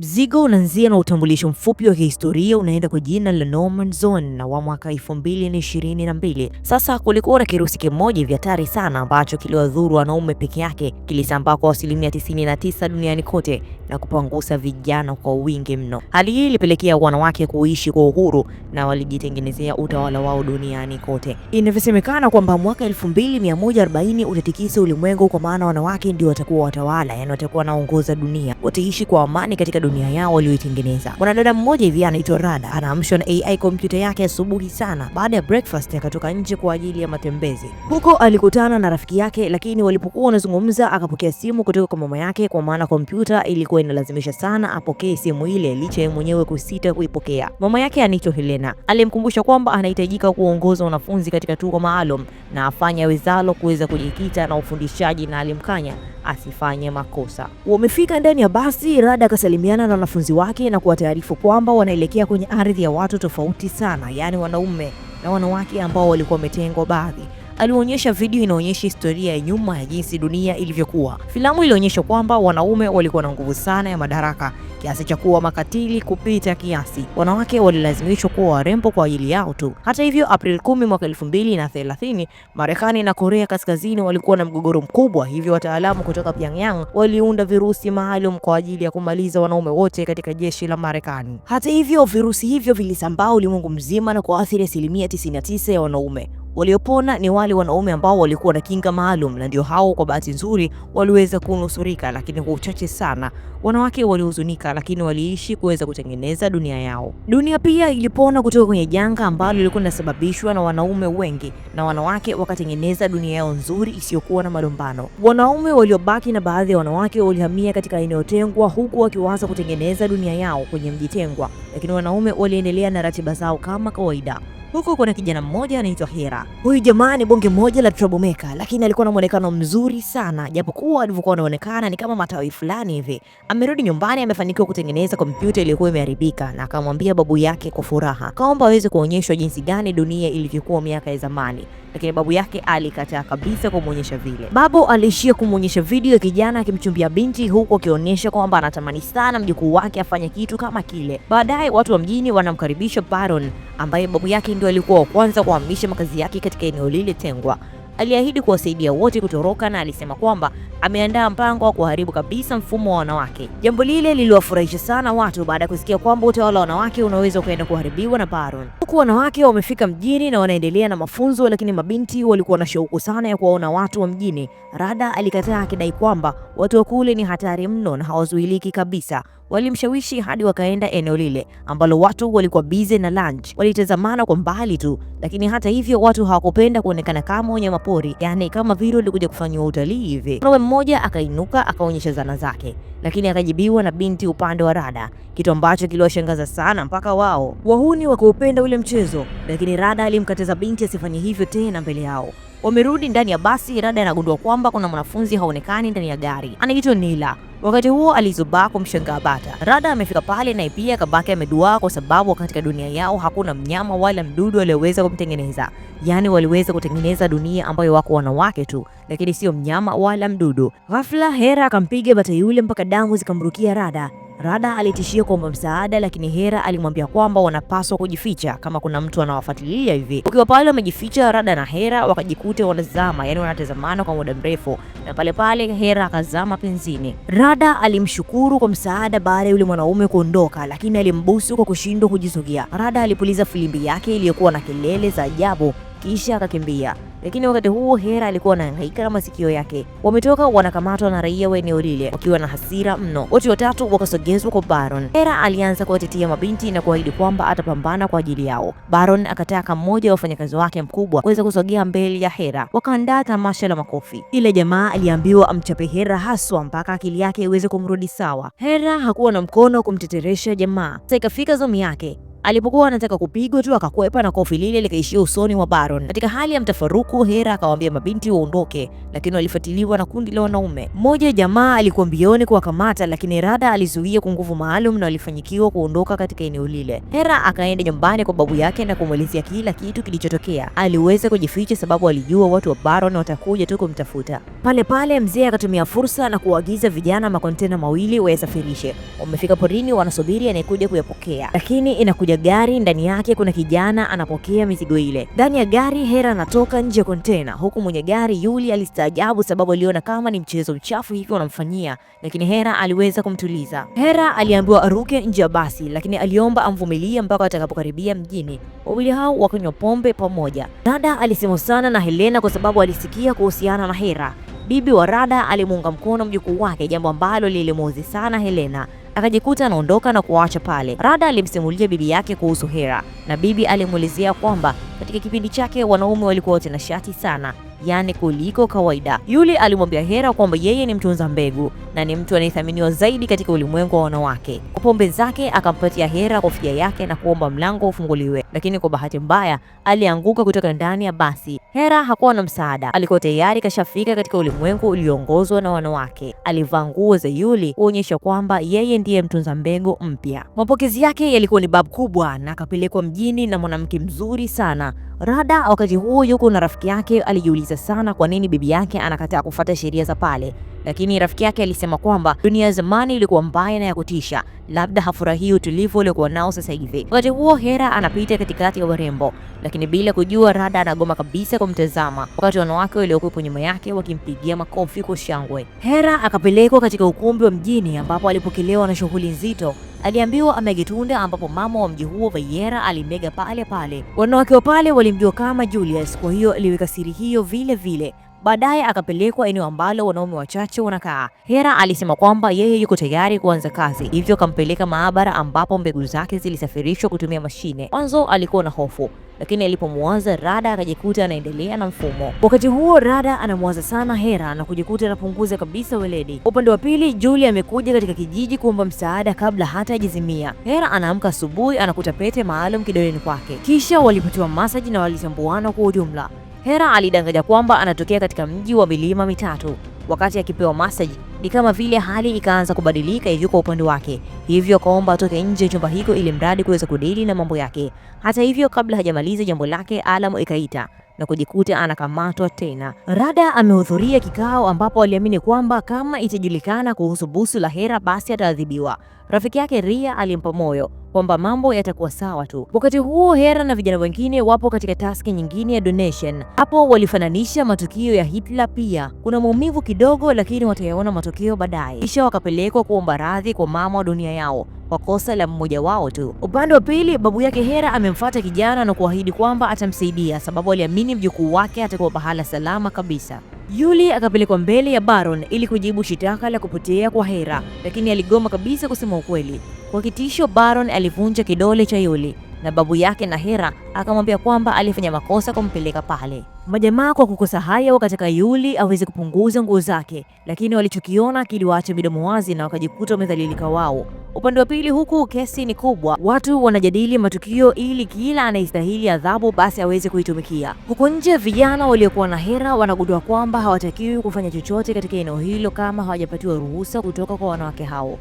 Mzigo unaanzia na utambulisho mfupi wa kihistoria unaenda kwa jina la Norman Zone wa mwaka 2022. Sasa kulikuwa na kirusi kimoja vya hatari sana ambacho kiliwadhuru wanaume peke yake, kilisambaa kwa asilimia 99 duniani kote na kupangusa vijana kwa wingi mno. Hali hii ilipelekea wanawake kuishi kwa uhuru na walijitengenezea utawala wao duniani kote. Inavyosemekana kwamba mwaka 2140 utatikisa ulimwengu, kwa maana wanawake ndio watakuwa watawala, yani watakuwa wanaongoza dunia, wataishi kwa amani katika dunia yao walioitengeneza. Mwanadada mmoja hivi anaitwa Rada anaamshwa na AI kompyuta yake asubuhi sana. Baada ya breakfast, akatoka nje kwa ajili ya matembezi. Huko alikutana na rafiki yake, lakini walipokuwa wanazungumza, akapokea simu kutoka kwa mama yake, kwa maana kompyuta ilikuwa inalazimisha sana apokee simu ile, licha ya mwenyewe kusita kuipokea. Mama yake anaitwa Helena alimkumbusha kwamba anahitajika kuongoza wanafunzi katika tuko maalum na afanye awezalo kuweza kujikita na ufundishaji, na alimkanya asifanye makosa. Wamefika ndani ya basi, Rada akasalimiana na wanafunzi wake na kuwataarifu kwamba wanaelekea kwenye ardhi ya watu tofauti sana, yaani wanaume na wanawake ambao walikuwa wametengwa baadhi alionyesha video inaonyesha historia ya nyuma ya jinsi dunia ilivyokuwa. Filamu ilionyesha kwamba wanaume walikuwa na nguvu sana ya madaraka kiasi cha kuwa makatili kupita kiasi. Wanawake walilazimishwa kuwa warembo kwa ajili yao tu. Hata hivyo, April 10 mwaka 2030 Marekani na Korea Kaskazini walikuwa na mgogoro mkubwa, hivyo wataalamu kutoka Pyongyang waliunda virusi maalum kwa ajili ya kumaliza wanaume wote katika jeshi la Marekani. Hata hivyo, virusi hivyo vilisambaa ulimwengu mzima na kuathiri asilimia 99 ya wanaume. Waliopona ni wale wanaume ambao walikuwa na kinga maalum, na ndio hao kwa bahati nzuri waliweza kunusurika, lakini kwa uchache sana. Wanawake walihuzunika, lakini waliishi kuweza kutengeneza dunia yao. Dunia pia ilipona kutoka kwenye janga ambalo lilikuwa linasababishwa na wanaume wengi, na wanawake wakatengeneza dunia yao nzuri isiyokuwa na malumbano. Wanaume waliobaki na baadhi ya wanawake walihamia katika eneo tengwa, huku wakiwaza kutengeneza dunia yao kwenye mji tengwa, lakini wanaume waliendelea na ratiba zao kama kawaida. Huku kuna kijana mmoja anaitwa Hera. Huyu jamaa ni bonge moja la troublemaker, lakini alikuwa na muonekano mzuri sana, japokuwa alivyokuwa anaonekana ni kama matawi fulani hivi. Amerudi nyumbani, amefanikiwa kutengeneza kompyuta iliyokuwa imeharibika, na akamwambia babu yake kwa furaha, kaomba aweze kuonyeshwa jinsi gani dunia ilivyokuwa miaka ya zamani, lakini babu yake alikataa kabisa kumwonyesha vile. Babu aliishia kumwonyesha video ya kijana akimchumbia binti, huku akionyesha kwamba anatamani sana mjukuu wake afanye kitu kama kile. Baadaye watu wa mjini wanamkaribisha Baron ambaye babu yake ndo alikuwa wa kwanza kuhamisha makazi yake katika eneo lile tengwa. Aliahidi kuwasaidia wote kutoroka na alisema kwamba ameandaa mpango wa kuharibu kabisa mfumo wa wanawake. Jambo lile liliwafurahisha sana watu baada ya kusikia kwamba utawala wa wanawake unaweza kwenda kuharibiwa na Baron huku wanawake wamefika mjini na wanaendelea na mafunzo, lakini mabinti walikuwa na shauku sana ya kuwaona watu wa mjini. Rada alikataa akidai kwamba watu wa kule ni hatari mno na hawazuiliki kabisa. Walimshawishi hadi wakaenda eneo lile ambalo watu walikuwa bize na lunch. Walitazamana kwa mbali tu, lakini hata hivyo watu hawakupenda kuonekana kama wanyamapori, yani kama vile walikuja kufanyiwa utalii hivi. Mwanaume mmoja akainuka akaonyesha zana zake, lakini akajibiwa na binti upande wa Rada, kitu ambacho kiliwashangaza sana mpaka wao. Wahuni wakaupenda ule kwenye mchezo, lakini Rada alimkataza binti asifanye hivyo tena mbele yao. Wamerudi ndani ya basi, Rada anagundua kwamba kuna mwanafunzi haonekani ndani ya gari, anaitwa Nila. Wakati huo alizubaa kumshangaa Bata. Rada amefika pale naye pia kabaki ameduaa, kwa sababu katika dunia yao hakuna mnyama wala mdudu aliyeweza kumtengeneza. Yaani waliweza kutengeneza dunia ambayo wako wanawake tu, lakini sio mnyama wala mdudu. Ghafla Hera akampiga Bata yule mpaka damu zikamrukia Rada. Rada alitishia kuomba msaada, lakini Hera alimwambia kwamba wanapaswa kujificha kama kuna mtu anawafuatilia hivi. Ukiwa pale wamejificha, Rada na Hera wakajikuta wanazama, yani wanatazamana kwa muda mrefu, na pale pale Hera akazama penzini. Rada alimshukuru kwa msaada baada ya yule mwanaume kuondoka, lakini alimbusu kwa kushindwa kujisogea. Rada alipuliza filimbi yake iliyokuwa na kelele za ajabu kisha akakimbia, lakini wakati huo Hera alikuwa anahangaika na masikio yake. Wametoka wanakamatwa na raia wa eneo lile wakiwa na hasira mno. Wote watatu wakasogezwa kwa Baron. Hera alianza kuwatetea mabinti na kuahidi kwamba atapambana kwa ajili yao. Baron akataka mmoja wa wafanyakazi wake mkubwa kuweza kusogea mbele ya Hera. Wakaandaa tamasha la makofi. Ile jamaa aliambiwa amchape Hera haswa mpaka akili yake iweze kumrudi sawa. Hera hakuwa na mkono kumteteresha jamaa. Sasa ikafika zamu yake. Alipokuwa anataka kupigwa tu akakwepa na kofi lile likaishia usoni wa Baron. Katika hali ya mtafaruku, Hera akawaambia mabinti waondoke, lakini walifuatiliwa na kundi la wanaume. Mmoja jamaa alikuwa mbioni kuwakamata, lakini Rada alizuia kwa nguvu maalum na walifanyikiwa kuondoka katika eneo lile. Hera akaenda nyumbani kwa babu yake na kumwelezea kila kitu kilichotokea. Aliweza kujificha sababu alijua watu wa Baron watakuja tu kumtafuta. Pale pale mzee akatumia fursa na kuagiza vijana makontena mawili wayasafirishe. Wamefika porini wanasubiri anayekuja kuyapokea, lakini inakuja kuja gari, ndani yake kuna kijana anapokea mizigo ile. Ndani ya gari Hera anatoka nje ya kontena, huku mwenye gari Yuli alistaajabu sababu aliona kama ni mchezo mchafu hivi wanamfanyia, lakini Hera aliweza kumtuliza. Hera aliambiwa aruke nje ya basi, lakini aliomba amvumilie mpaka atakapokaribia mjini. Wawili hao wakanywa pombe pamoja. Rada alisema sana na Helena kwa sababu alisikia kuhusiana na Hera. Bibi wa Rada alimuunga mkono mjukuu wake, jambo ambalo lilimuuzi sana Helena akajikuta anaondoka na kuwaacha pale. Rada alimsimulia bibi yake kuhusu Hera na bibi alimuelezea kwamba katika kipindi chake wanaume walikuwa wote na shati sana, yaani kuliko kawaida. Yule alimwambia Hera kwamba yeye ni mtunza mbegu na ni mtu anayethaminiwa zaidi katika ulimwengu wa wanawake. Kwa pombe zake akampatia Hera kofia yake na kuomba mlango ufunguliwe lakini kwa bahati mbaya alianguka kutoka ndani ya basi. Hera hakuwa na msaada, alikuwa tayari kashafika katika ulimwengu ulioongozwa na wanawake. Alivaa nguo za Yuli kuonyesha kwamba yeye ndiye mtunza mbegu mpya. Mapokezi yake yalikuwa ni babu kubwa, na akapelekwa mjini na mwanamke mzuri sana. Rada wakati huo yuko na rafiki yake, alijiuliza sana kwa nini bibi yake anakataa kufuata sheria za pale lakini rafiki yake alisema kwamba dunia ya zamani ilikuwa mbaya na ya kutisha, labda hafurahii utulivu aliokuwa nao sasa hivi. Wakati huo Hera anapita katikati ya warembo, lakini bila kujua Rada anagoma kabisa kumtazama, wakati wanawake waliokuwepo nyuma yake wakimpigia makofi kwa shangwe. Hera akapelekwa katika ukumbi wa mjini ambapo alipokelewa na shughuli nzito. Aliambiwa amegitunda ambapo mama wa mji huo Vayera alimega pale pale. Wanawake wa pale walimjua kama Julius, kwa hiyo aliweka siri hiyo vile vile. Baadaye akapelekwa eneo ambalo wanaume wachache wanakaa. Hera alisema kwamba yeye yuko tayari kuanza kazi, hivyo akampeleka maabara ambapo mbegu zake zilisafirishwa kutumia mashine. Mwanzo alikuwa na hofu lakini alipomwaza Rada akajikuta anaendelea na mfumo. Wakati huo Rada anamwaza sana Hera na kujikuta anapunguza kabisa weledi. Upande wa pili, Julia amekuja katika kijiji kuomba msaada kabla hata ajizimia. Hera anaamka asubuhi, anakuta pete maalum kidoleni kwake, kisha walipatiwa masaji na walitambuana kwa ujumla. Hera alidanganya kwamba anatokea katika mji wa milima mitatu. Wakati akipewa massage, ni kama vile hali ikaanza kubadilika hivyo kwa upande wake, hivyo akaomba atoke nje ya chumba hicho ili mradi kuweza kudili na mambo yake. Hata hivyo, kabla hajamaliza jambo lake, alamu ikaita na kujikuta anakamatwa tena. Rada amehudhuria kikao ambapo aliamini kwamba kama itajulikana kuhusu busu la Hera basi ataadhibiwa. Rafiki yake Ria alimpa moyo kwamba mambo yatakuwa sawa tu. Wakati huo Hera na vijana wengine wapo katika taski nyingine ya donation. Hapo walifananisha matukio ya Hitler, pia kuna maumivu kidogo, lakini watayaona matokeo baadaye. Kisha wakapelekwa kuomba radhi kwa mama wa dunia yao kwa kosa la mmoja wao tu. Upande wa pili, babu yake Hera amemfuata kijana na kuahidi kwamba atamsaidia, sababu aliamini mjukuu wake atakuwa pahala salama kabisa yuli akapelekwa mbele ya Baron ili kujibu shitaka la kupotea kwa Hera, lakini aligoma kabisa kusema ukweli. Kwa kitisho, Baron alivunja kidole cha yuli na babu yake Nahera akamwambia kwamba alifanya makosa kumpeleka pale. Majamaa kwa kukosa haya wakataka Yuli aweze kupunguza nguo zake, lakini walichokiona kiliwaacha midomo wazi na wakajikuta wamedhalilika wao. Upande wa pili, huku kesi ni kubwa, watu wanajadili matukio ili kila anayestahili adhabu basi aweze kuitumikia. Huko nje, vijana waliokuwa na hera wanagundua kwamba hawatakiwi kufanya chochote katika eneo hilo kama hawajapatiwa ruhusa kutoka kwa wanawake hao.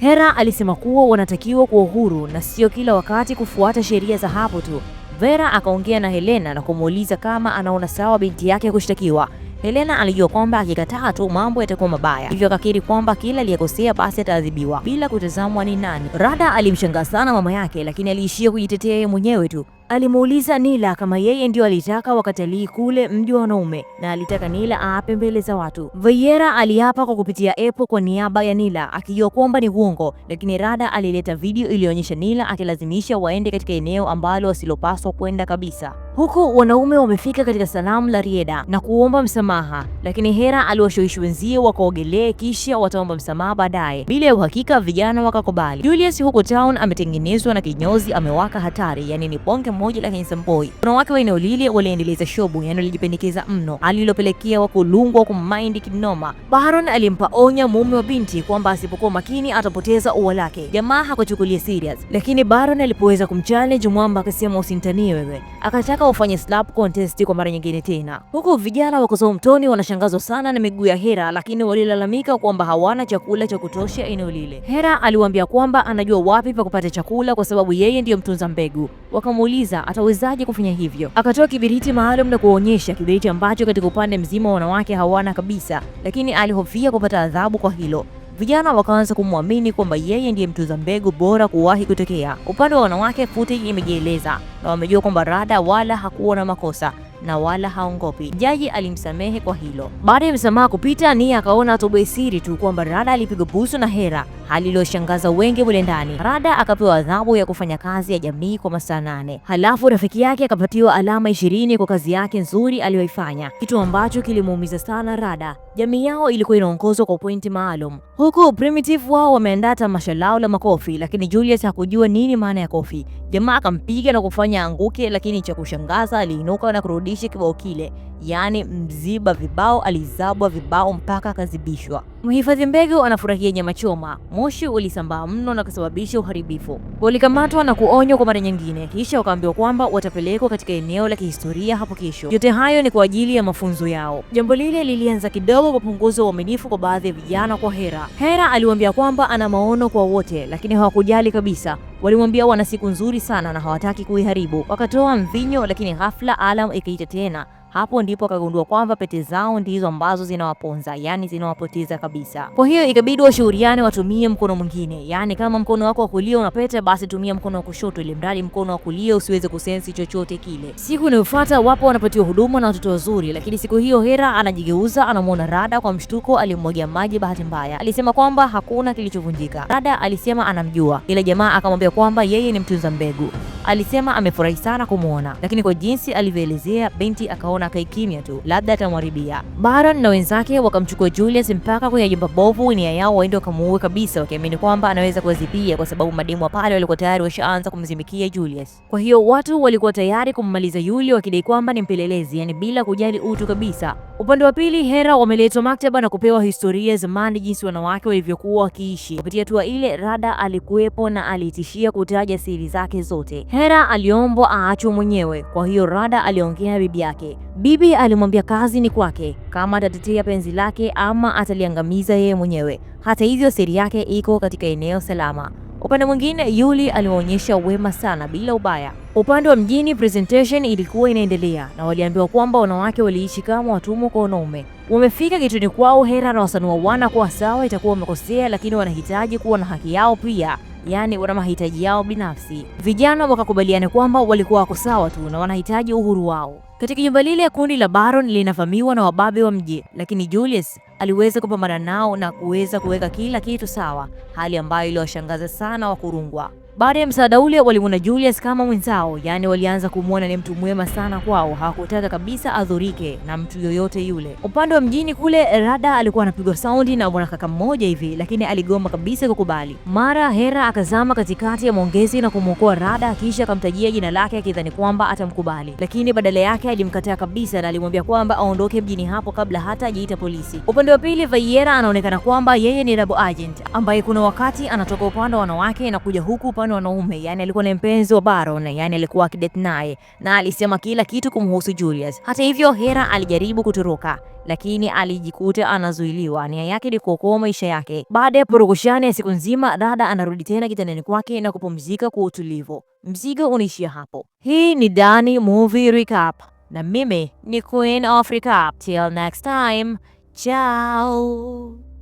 Hera alisema kuwa wanatakiwa kuwa uhuru na sio kila wakati kufuata sheria za hapo tu. Vera akaongea na Helena na kumuuliza kama anaona sawa binti yake kushtakiwa. Helena alijua kwamba akikataa tu mambo yatakuwa mabaya, hivyo akakiri kwamba kila aliyekosea basi ataadhibiwa bila kutazamwa ni nani. Rada alimshangaa sana mama yake, lakini aliishia kujitetea yeye mwenyewe tu. Alimuuliza Nila kama yeye ndio alitaka wakatalii kule mji wa wanaume na alitaka Nila aape mbele za watu. Vieira aliapa kwa kupitia epo kwa niaba ya Nila akijua kwamba ni uongo, lakini Rada alileta video iliyoonyesha Nila akilazimisha waende katika eneo ambalo wasilopaswa kwenda kabisa. Huku wanaume wamefika katika sanamu la Rieda na kuomba msamaha, lakini Hera aliwashawishi wenzie wakaogelee kisha wataomba msamaha baadaye. Bila ya uhakika, vijana wakakubali. Julius huko town ametengenezwa na kinyozi amewaka hatari, yani ni bonge moja la handsome boy. Wanawake wa eneo lile waliendeleza shobu, yani walijipendekeza mno, alilopelekea wakulungwa kumaindi kinoma. Baron alimpa onya mume wa binti kwamba asipokuwa makini atapoteza ua lake. Jamaa hakuchukulia serious, lakini Baron alipoweza kumchallenge mwamba akasema, usintanie wewe, akataka wanataka wafanye slap contest kwa mara nyingine tena, huku vijana wa mtoni wanashangazwa sana na miguu ya Hera, lakini walilalamika kwamba hawana chakula cha kutosha eneo lile. Hera aliwaambia kwamba anajua wapi pa kupata chakula kwa sababu yeye ndiyo mtunza mbegu. Wakamuuliza atawezaje kufanya hivyo. Akatoa kibiriti maalum na kuonyesha kibiriti ambacho katika upande mzima wanawake hawana kabisa, lakini alihofia kupata adhabu kwa hilo. Vijana wakaanza kumwamini kwamba yeye ndiye mtuza mbegu bora kuwahi kutokea. Upande wa wanawake, footage imejieleza na wamejua kwamba Rada wala hakuwa na makosa na wala haongopi. Jaji alimsamehe kwa hilo. Baada ya msamaha kupita, Nia akaona tobe siri tu kwamba Rada alipigwa busu na Hera, hali iliyoshangaza wengi mule ndani. Rada akapewa adhabu ya kufanya kazi ya jamii kwa masaa nane, halafu rafiki yake akapatiwa alama ishirini kwa kazi yake nzuri aliyoifanya, kitu ambacho kilimuumiza sana Rada. Jamii yao ilikuwa inaongozwa kwa pointi maalum, huku Primitive wao wameandaa tamasha lao la makofi, lakini Julius hakujua nini maana ya kofi. Jamaa akampiga na kufanya anguke, lakini cha kushangaza aliinuka na kurudi değişik ve oki ile yaani mziba vibao alizabwa vibao mpaka akazibishwa. Mhifadhi mbegu anafurahia nyama choma. Moshi ulisambaa mno na kusababisha uharibifu. Walikamatwa na kuonywa kwa mara nyingine, kisha wakaambiwa kwamba watapelekwa katika eneo la kihistoria hapo kesho. Yote hayo ni kwa ajili ya mafunzo yao. Jambo lile lilianza kidogo kupunguza uaminifu kwa baadhi ya vijana kwa Hera. Hera aliwaambia kwamba ana maono kwa wote, lakini hawakujali kabisa. Walimwambia wana siku nzuri sana na hawataki kuiharibu. Wakatoa mvinyo, lakini ghafla alam ikaita tena hapo ndipo akagundua kwamba pete zao ndizo ambazo zinawaponza, yani zinawapoteza kabisa. Kwa hiyo ikabidi washauriane watumie mkono mwingine, yani kama mkono wako wa kulia una pete, basi tumia mkono wa kushoto, ili mradi mkono wa kulia usiweze kusensi chochote kile. Siku inayofuata wapo wanapatiwa huduma na watoto wazuri, lakini siku hiyo Hera anajigeuza, anamwona Rada kwa mshtuko, alimwagia maji bahati mbaya. Alisema kwamba hakuna kilichovunjika. Rada alisema anamjua, ila jamaa akamwambia kwamba yeye ni mtunza mbegu. Alisema amefurahi sana kumwona, lakini kwa jinsi alivyoelezea, binti akaona na akae kimya tu, labda atamharibia. Baron na wenzake wakamchukua Julius mpaka kwenye jumba bovu, nia yao waende wakamuue kabisa, wakiamini kwamba anaweza kuwazipia kwa sababu mademu wa pale walikuwa tayari washaanza kumzimikia Julius. Kwa hiyo watu walikuwa tayari kummaliza yule, wakidai kwamba ni mpelelezi, yani bila kujali utu kabisa. Upande wa pili, Hera wameletwa maktaba na kupewa historia zamani, jinsi wanawake walivyokuwa wakiishi. Kupitia hatua ile, Rada alikuwepo na alitishia kutaja siri zake zote. Hera aliombwa aachwe mwenyewe, kwa hiyo Rada aliongea bibi yake Bibi alimwambia kazi ni kwake, kama atatetea penzi lake ama ataliangamiza yeye mwenyewe. Hata hivyo, siri yake iko katika eneo salama. Upande mwingine, Yuli aliwaonyesha wema sana bila ubaya. Upande wa mjini, presentation ilikuwa inaendelea na waliambiwa kwamba wanawake waliishi kama watumwa kwa wanaume. Wamefika kituni kwao, Hera na wasanua wana kuwa sawa, itakuwa wamekosea, lakini wanahitaji kuwa na haki yao pia yani wana mahitaji yao binafsi. Vijana wakakubaliana kwamba walikuwa wako sawa tu na wanahitaji uhuru wao. Katika jumba lile, kundi la Baron linavamiwa na wababe wa mji, lakini Julius aliweza kupambana nao na kuweza kuweka kila kitu sawa, hali ambayo iliwashangaza sana Wakurungwa. Baada ya msaada ule walimwona Julius kama mwenzao, yaani walianza kumwona ni mtu mwema sana kwao, hawakutaka kabisa adhurike na mtu yoyote yule. Upande wa mjini kule, Rada alikuwa anapigwa saundi na mwanakaka mmoja hivi, lakini aligoma kabisa kukubali. Mara Hera akazama katikati ya mwongezi na kumwokoa Rada, kisha akamtajia jina lake akidhani kwamba atamkubali, lakini badala yake alimkataa kabisa na alimwambia kwamba aondoke mjini hapo kabla hata ajiita polisi. Upande wa pili, Vaiera anaonekana kwamba yeye ni rabo agent ambaye kuna wakati anatoka upande wa wanawake na kuja huku mfano wanaume, yani alikuwa ni mpenzi wa Baron, yani alikuwa akidate naye na alisema kila kitu kumhusu Julius. Hata hivyo, Hera alijaribu kutoroka lakini alijikuta anazuiliwa. Nia yake ni kuokoa maisha yake. Baada ya purukushani ya siku nzima, dada anarudi tena kitandani kwake na kupumzika kwa utulivu. Mzigo unaishia hapo. Hii ni Dani Movie Recap na mimi ni Queen of Recap. Till next time, ciao.